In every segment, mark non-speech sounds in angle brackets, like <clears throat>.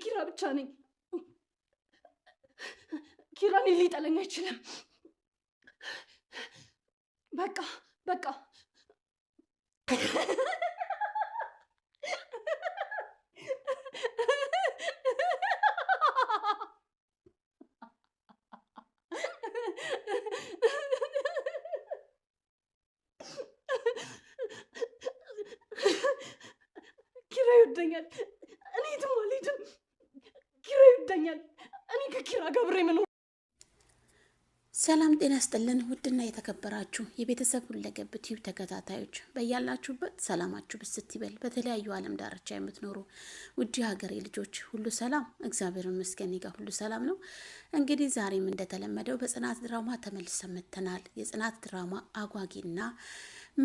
የኪራ ብቻ ነኝ። ኪራን ሊጠለኝ አይችልም። በቃ በቃ ኪራ ይወደኛል። እኔ ከኪራ ገብሬ ሰላም ጤና ስጥልን ውድና የተከበራችሁ የቤተሰብ ሁለገብ ቲዩብ ተከታታዮች በያላችሁበት ሰላማችሁ ብስት ይበል። በተለያዩ ዓለም ዳርቻ የምትኖሩ ውድ ሀገሬ ልጆች ሁሉ ሰላም፣ እግዚአብሔር ይመስገን ጋር ሁሉ ሰላም ነው። እንግዲህ ዛሬም እንደተለመደው በጽናት ድራማ ተመልሰን መጥተናል። የጽናት ድራማ አጓጊና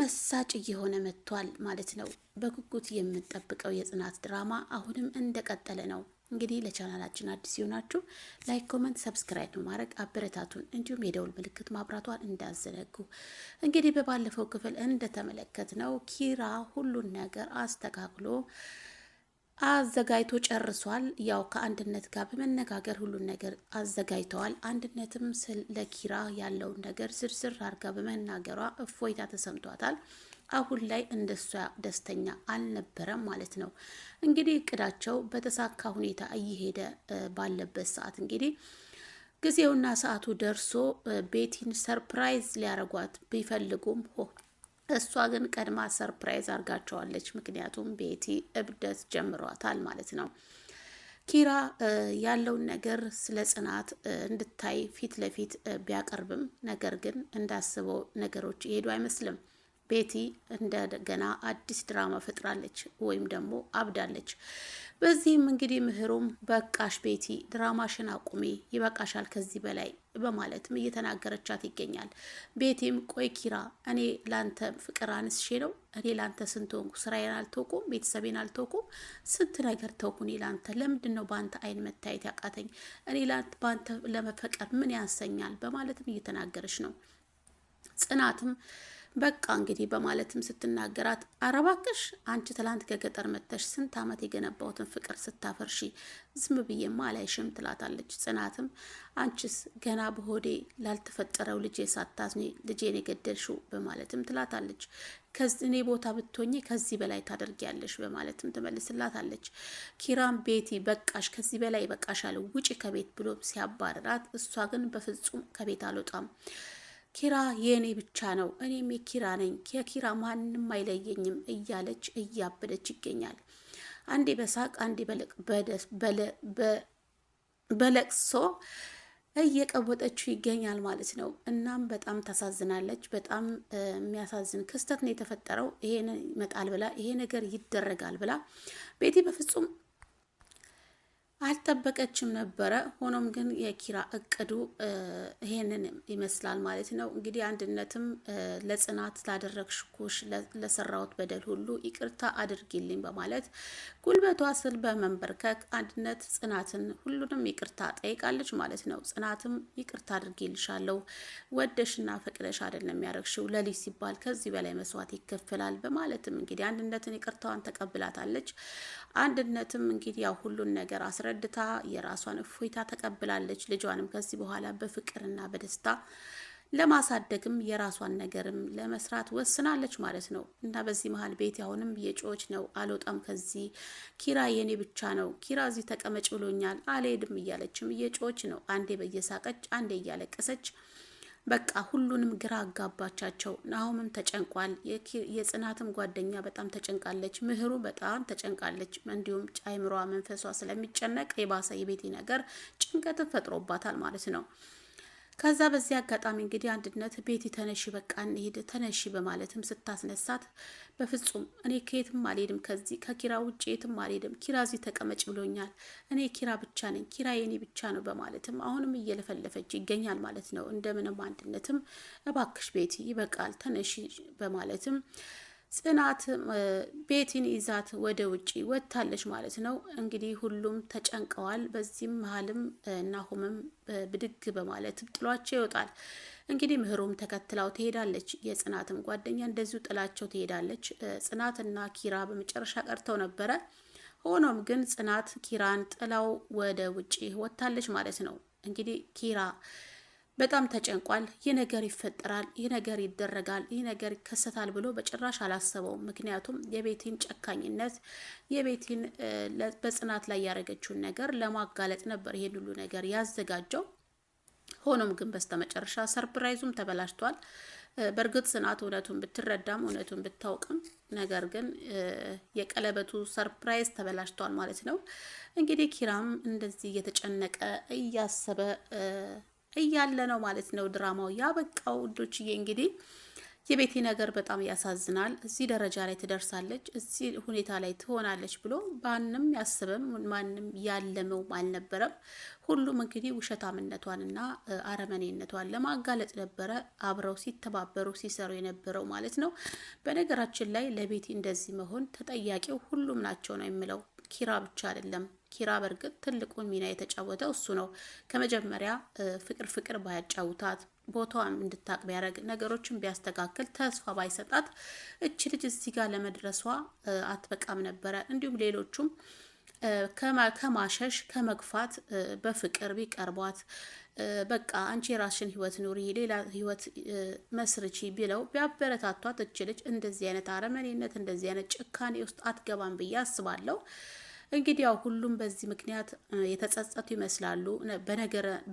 መሳጭ እየሆነ መጥቷል ማለት ነው። በጉጉት የምንጠብቀው የጽናት ድራማ አሁንም እንደቀጠለ ነው። እንግዲህ ለቻናላችን አዲስ ሲሆናችሁ ላይክ፣ ኮመንት፣ ሰብስክራይብ በማድረግ አበረታቱን። እንዲሁም የደውል ምልክት ማብራቷን እንዳዘነጉ። እንግዲህ በባለፈው ክፍል እንደተመለከት ነው ኪራ ሁሉን ነገር አስተካክሎ አዘጋጅቶ ጨርሷል። ያው ከአንድነት ጋር በመነጋገር ሁሉን ነገር አዘጋጅተዋል። አንድነትም ስለኪራ ያለውን ነገር ዝርዝር አድርጋ በመናገሯ እፎይታ ተሰምቷታል። አሁን ላይ እንደሷ ደስተኛ አልነበረም ማለት ነው። እንግዲህ እቅዳቸው በተሳካ ሁኔታ እየሄደ ባለበት ሰዓት እንግዲህ ጊዜውና ሰዓቱ ደርሶ ቤቲን ሰርፕራይዝ ሊያረጓት ቢፈልጉም ሆ እሷ ግን ቀድማ ሰርፕራይዝ አርጋቸዋለች ምክንያቱም ቤቲ እብደት ጀምሯታል ማለት ነው። ኪራ ያለውን ነገር ስለ ጽናት እንድታይ ፊት ለፊት ቢያቀርብም ነገር ግን እንዳስበው ነገሮች ይሄዱ አይመስልም። ቤቲ እንደገና አዲስ ድራማ ፈጥራለች ወይም ደግሞ አብዳለች። በዚህም እንግዲህ ምህሩም በቃሽ ቤቲ ድራማሽን አቁሚ፣ ይበቃሻል ከዚህ በላይ በማለትም እየተናገረቻት ይገኛል። ቤቲም ቆይ ኪራ፣ እኔ ላንተ ፍቅር አንስሼ ነው? እኔ ላንተ ስንት ሆንኩ? ስራዬን አልተውኩም፣ ቤተሰቤን አልተውኩም፣ ስንት ነገር ተውኩን ላንተ። ለምንድን ነው በአንተ አይን መታየት ያቃተኝ? እኔ በአንተ ለመፈቀር ምን ያንሰኛል? በማለትም እየተናገረች ነው ጽናትም በቃ እንግዲህ በማለትም ስትናገራት ኧረ እባክሽ አንቺ ትላንት ከገጠር መጥተሽ ስንት ዓመት የገነባሁትን ፍቅር ስታፈርሺ ዝም ብዬማ አላይሽም ትላታለች። ጽናትም አንቺስ ገና በሆዴ ላልተፈጠረው ልጄ ሳታዝኔ ልጄን የገደልሽው በማለትም ትላታለች። ከእኔ ቦታ ብትሆኚ ከዚህ በላይ ታደርጊያለሽ በማለትም ትመልስላታለች። ኪራም ቤቲ በቃሽ፣ ከዚህ በላይ በቃሽ አለ ውጪ ከቤት ብሎ ሲያባርራት፣ እሷ ግን በፍጹም ከቤት አልወጣም ኪራ የእኔ ብቻ ነው፣ እኔም የኪራ ነኝ፣ የኪራ ማንም አይለየኝም እያለች እያበደች ይገኛል። አንዴ በሳቅ አንዴ በለቅሶ እየቀወጠችው ይገኛል ማለት ነው። እናም በጣም ታሳዝናለች። በጣም የሚያሳዝን ክስተት ነው የተፈጠረው። ይሄ ይመጣል ብላ ይሄ ነገር ይደረጋል ብላ ቤቲ በፍጹም አልጠበቀችም ነበረ። ሆኖም ግን የኪራ እቅዱ ይሄንን ይመስላል ማለት ነው። እንግዲህ አንድነትም ለጽናት ላደረግሽኩሽ ለሰራሁት በደል ሁሉ ይቅርታ አድርጊልኝ በማለት ጉልበቷ ስል በመንበርከክ አንድነት ጽናትን ሁሉንም ይቅርታ ጠይቃለች ማለት ነው። ጽናትም ይቅርታ አድርጊልሻለሁ፣ ወደሽና ፈቅደሽ አይደለም ያደረግሽው፣ ለልጅ ሲባል ከዚህ በላይ መስዋዕት ይከፈላል በማለትም እንግዲህ አንድነትን ይቅርታዋን ተቀብላታለች። አንድነትም እንግዲህ ያው ሁሉን ነገር አስረ ተረድታ የራሷን እፎይታ ተቀብላለች። ልጇንም ከዚህ በኋላ በፍቅርና በደስታ ለማሳደግም የራሷን ነገርም ለመስራት ወስናለች ማለት ነው። እና በዚህ መሀል ቤት አሁንም የጮች ነው። አልወጣም ከዚህ ኪራ የኔ ብቻ ነው፣ ኪራ እዚህ ተቀመጭ ብሎኛል፣ አልሄድም እያለችም የጮች ነው። አንዴ በየሳቀች አንዴ እያለቀሰች በቃ ሁሉንም ግራ አጋባቻቸው። ናሆምም ተጨንቋል። የጽናትም ጓደኛ በጣም ተጨንቃለች። ምህሩ በጣም ተጨንቃለች። እንዲሁም ጫይምሯ መንፈሷ ስለሚጨነቅ የባሰ የቤቴ ነገር ጭንቀትን ፈጥሮባታል ማለት ነው። ከዛ በዚህ አጋጣሚ እንግዲህ አንድነት ቤቲ ተነሺ፣ በቃ እንሄድ ተነሺ በማለትም ስታስነሳት በፍጹም እኔ ከየትም አልሄድም፣ ከዚህ ከኪራ ውጭ የትም አልሄድም፣ ኪራ እዚህ ተቀመጭ ብሎኛል፣ እኔ ኪራ ብቻ ነኝ፣ ኪራ የኔ ብቻ ነው በማለትም አሁንም እየለፈለፈች ይገኛል ማለት ነው። እንደምንም አንድነትም እባክሽ ቤቲ ይበቃል፣ ተነሺ በማለትም ጽናት ቤቲን ይዛት ወደ ውጪ ወጥታለች ማለት ነው። እንግዲህ ሁሉም ተጨንቀዋል። በዚህም መሀልም እናሁምም ብድግ በማለት ጥሏቸው ይወጣል። እንግዲህ ምህሩም ተከትላው ትሄዳለች። የጽናትም ጓደኛ እንደዚሁ ጥላቸው ትሄዳለች። ጽናትና ኪራ በመጨረሻ ቀርተው ነበረ። ሆኖም ግን ጽናት ኪራን ጥላው ወደ ውጪ ወጥታለች ማለት ነው። እንግዲህ ኪራ በጣም ተጨንቋል። ይህ ነገር ይፈጠራል፣ ይህ ነገር ይደረጋል፣ ይህ ነገር ይከሰታል ብሎ በጭራሽ አላሰበውም። ምክንያቱም የቤቲን ጨካኝነት የቤቲን በጽናት ላይ ያደረገችውን ነገር ለማጋለጥ ነበር ይሄን ሁሉ ነገር ያዘጋጀው። ሆኖም ግን በስተመጨረሻ ሰርፕራይዙም ተበላሽቷል። በእርግጥ ጽናት እውነቱን ብትረዳም እውነቱን ብታውቅም ነገር ግን የቀለበቱ ሰርፕራይዝ ተበላሽቷል ማለት ነው። እንግዲህ ኪራም እንደዚህ እየተጨነቀ እያሰበ እያለ ነው ማለት ነው ድራማው ያበቃው። ውዶችዬ እንግዲህ የቤቲ ነገር በጣም ያሳዝናል። እዚህ ደረጃ ላይ ትደርሳለች፣ እዚህ ሁኔታ ላይ ትሆናለች ብሎ ማንም ያስብም ማንም ያለመውም አልነበረም። ሁሉም እንግዲህ ውሸታምነቷንና አረመኔነቷን ለማጋለጥ ነበረ አብረው ሲተባበሩ ሲሰሩ የነበረው ማለት ነው። በነገራችን ላይ ለቤቲ እንደዚህ መሆን ተጠያቂው ሁሉም ናቸው ነው የምለው ኪራ ብቻ አይደለም። ኪራ በእርግጥ ትልቁን ሚና የተጫወተው እሱ ነው። ከመጀመሪያ ፍቅር ፍቅር ባያጫውታት ቦታዋን እንድታቅ ቢያደርግ ነገሮችን ቢያስተካክል ተስፋ ባይሰጣት እች ልጅ እዚህ ጋር ለመድረሷ አትበቃም ነበረ። እንዲሁም ሌሎቹም ከማሸሽ ከመግፋት በፍቅር ቢቀርቧት በቃ አንቺ የራስሽን ህይወት ኑሪ፣ ሌላ ህይወት መስርቺ ቢለው ቢያበረታቷት እች ልጅ እንደዚህ አይነት አረመኔነት እንደዚህ አይነት ጭካኔ ውስጥ አትገባም ብዬ አስባለሁ። እንግዲህ ያው ሁሉም በዚህ ምክንያት የተጸጸቱ ይመስላሉ።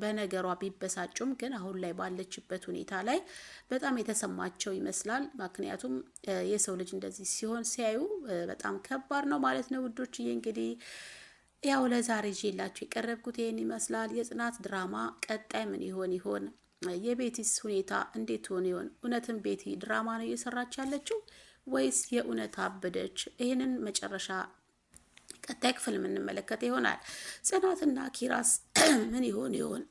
በነገሯ ቢበሳጩም ግን አሁን ላይ ባለችበት ሁኔታ ላይ በጣም የተሰማቸው ይመስላል። ምክንያቱም የሰው ልጅ እንደዚህ ሲሆን ሲያዩ በጣም ከባድ ነው ማለት ነው ውዶችዬ እንግዲህ ያው ለዛሬ ይዤላችሁ የቀረብኩት ይህን ይመስላል። የጽናት ድራማ ቀጣይ ምን ይሆን ይሆን? የቤቲስ ሁኔታ እንዴት ሆን ይሆን? እውነትም ቤቲ ድራማ ነው እየሰራች ያለችው ወይስ የእውነት አበደች? ይህንን መጨረሻ ቀጣይ ክፍል የምንመለከት ይሆናል። ጽናትና ኪራስ <clears throat> ምን ይሆን ይሆን?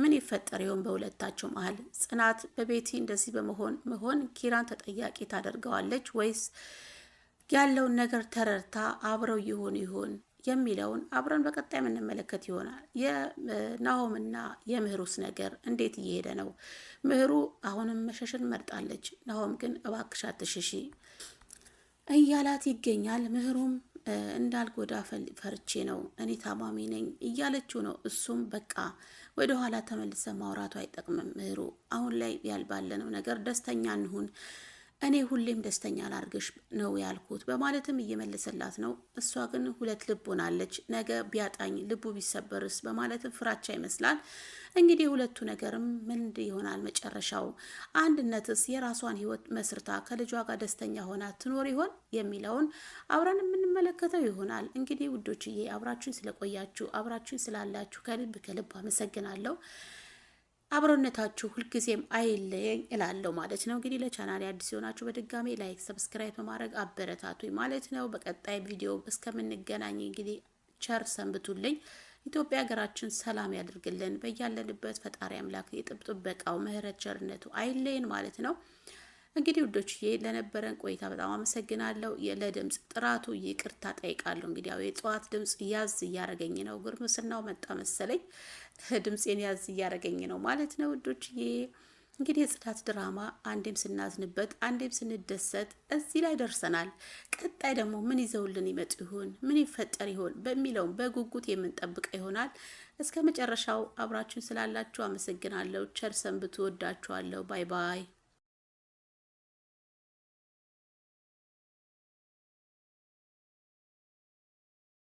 ምን ይፈጠር ይሆን በሁለታቸው መሀል? ጽናት በቤቲ እንደዚህ በመሆን መሆን ኪራን ተጠያቂ ታደርገዋለች ወይስ ያለውን ነገር ተረድታ አብረው ይሆን ይሆን የሚለውን አብረን በቀጣይ የምንመለከት ይሆናል። የናሆምና የምህሩስ ነገር እንዴት እየሄደ ነው? ምህሩ አሁንም መሸሽን መርጣለች። ናሆም ግን እባክሻ ትሽሺ እያላት ይገኛል። ምህሩም እንዳልጎዳ ፈርቼ ነው እኔ ታማሚ ነኝ እያለችው ነው። እሱም በቃ ወደ ኋላ ተመልሰ ማውራቱ አይጠቅምም ምህሩ፣ አሁን ላይ ያልባለነው ነገር ደስተኛ እንሁን እኔ ሁሌም ደስተኛ ላርግሽ ነው ያልኩት በማለትም እየመለሰላት ነው። እሷ ግን ሁለት ልብ ሆናለች። ነገ ቢያጣኝ ልቡ ቢሰበርስ በማለትም ፍራቻ ይመስላል። እንግዲህ የሁለቱ ነገርም ምን ይሆናል መጨረሻው? አንድነትስ የራሷን ህይወት መስርታ ከልጇ ጋር ደስተኛ ሆና ትኖር ይሆን የሚለውን አብረን የምንመለከተው ይሆናል። እንግዲህ ውዶችዬ አብራችሁን ስለቆያችሁ አብራችሁን ስላላችሁ ከልብ ከልብ አመሰግናለሁ። አብሮነታችሁ ሁልጊዜም አይለየኝ እላለሁ ማለት ነው። እንግዲህ ለቻናል አዲስ የሆናችሁ በድጋሜ ላይክ፣ ሰብስክራይብ በማድረግ አበረታቱኝ ማለት ነው። በቀጣይ ቪዲዮ እስከምንገናኝ እንግዲህ ቸር ሰንብቱልኝ። ኢትዮጵያ ሀገራችን ሰላም ያደርግልን። በያለንበት ፈጣሪ አምላክ የጥብጥበቃው ምህረት ቸርነቱ አይለይን ማለት ነው። እንግዲህ ውዶችዬ ለነበረን ቆይታ በጣም አመሰግናለሁ። ለድምፅ ጥራቱ ይቅርታ ጠይቃለሁ። እንግዲህ ያው የእጽዋት ድምፅ ያዝ እያረገኝ ነው፣ ጉርምስናው መጣ መሰለኝ። ድምፄን ያዝ እያረገኝ ነው ማለት ነው ውዶችዬ። እንግዲህ የጽናት ድራማ አንዴም ስናዝንበት አንዴም ስንደሰት እዚህ ላይ ደርሰናል። ቀጣይ ደግሞ ምን ይዘውልን ይመጡ ይሆን? ምን ይፈጠር ይሆን በሚለውም በጉጉት የምንጠብቀ ይሆናል። እስከ መጨረሻው አብራችሁን ስላላችሁ አመሰግናለሁ። ቸር ሰንብቱ። ወዳችኋለሁ። ባይ ባይ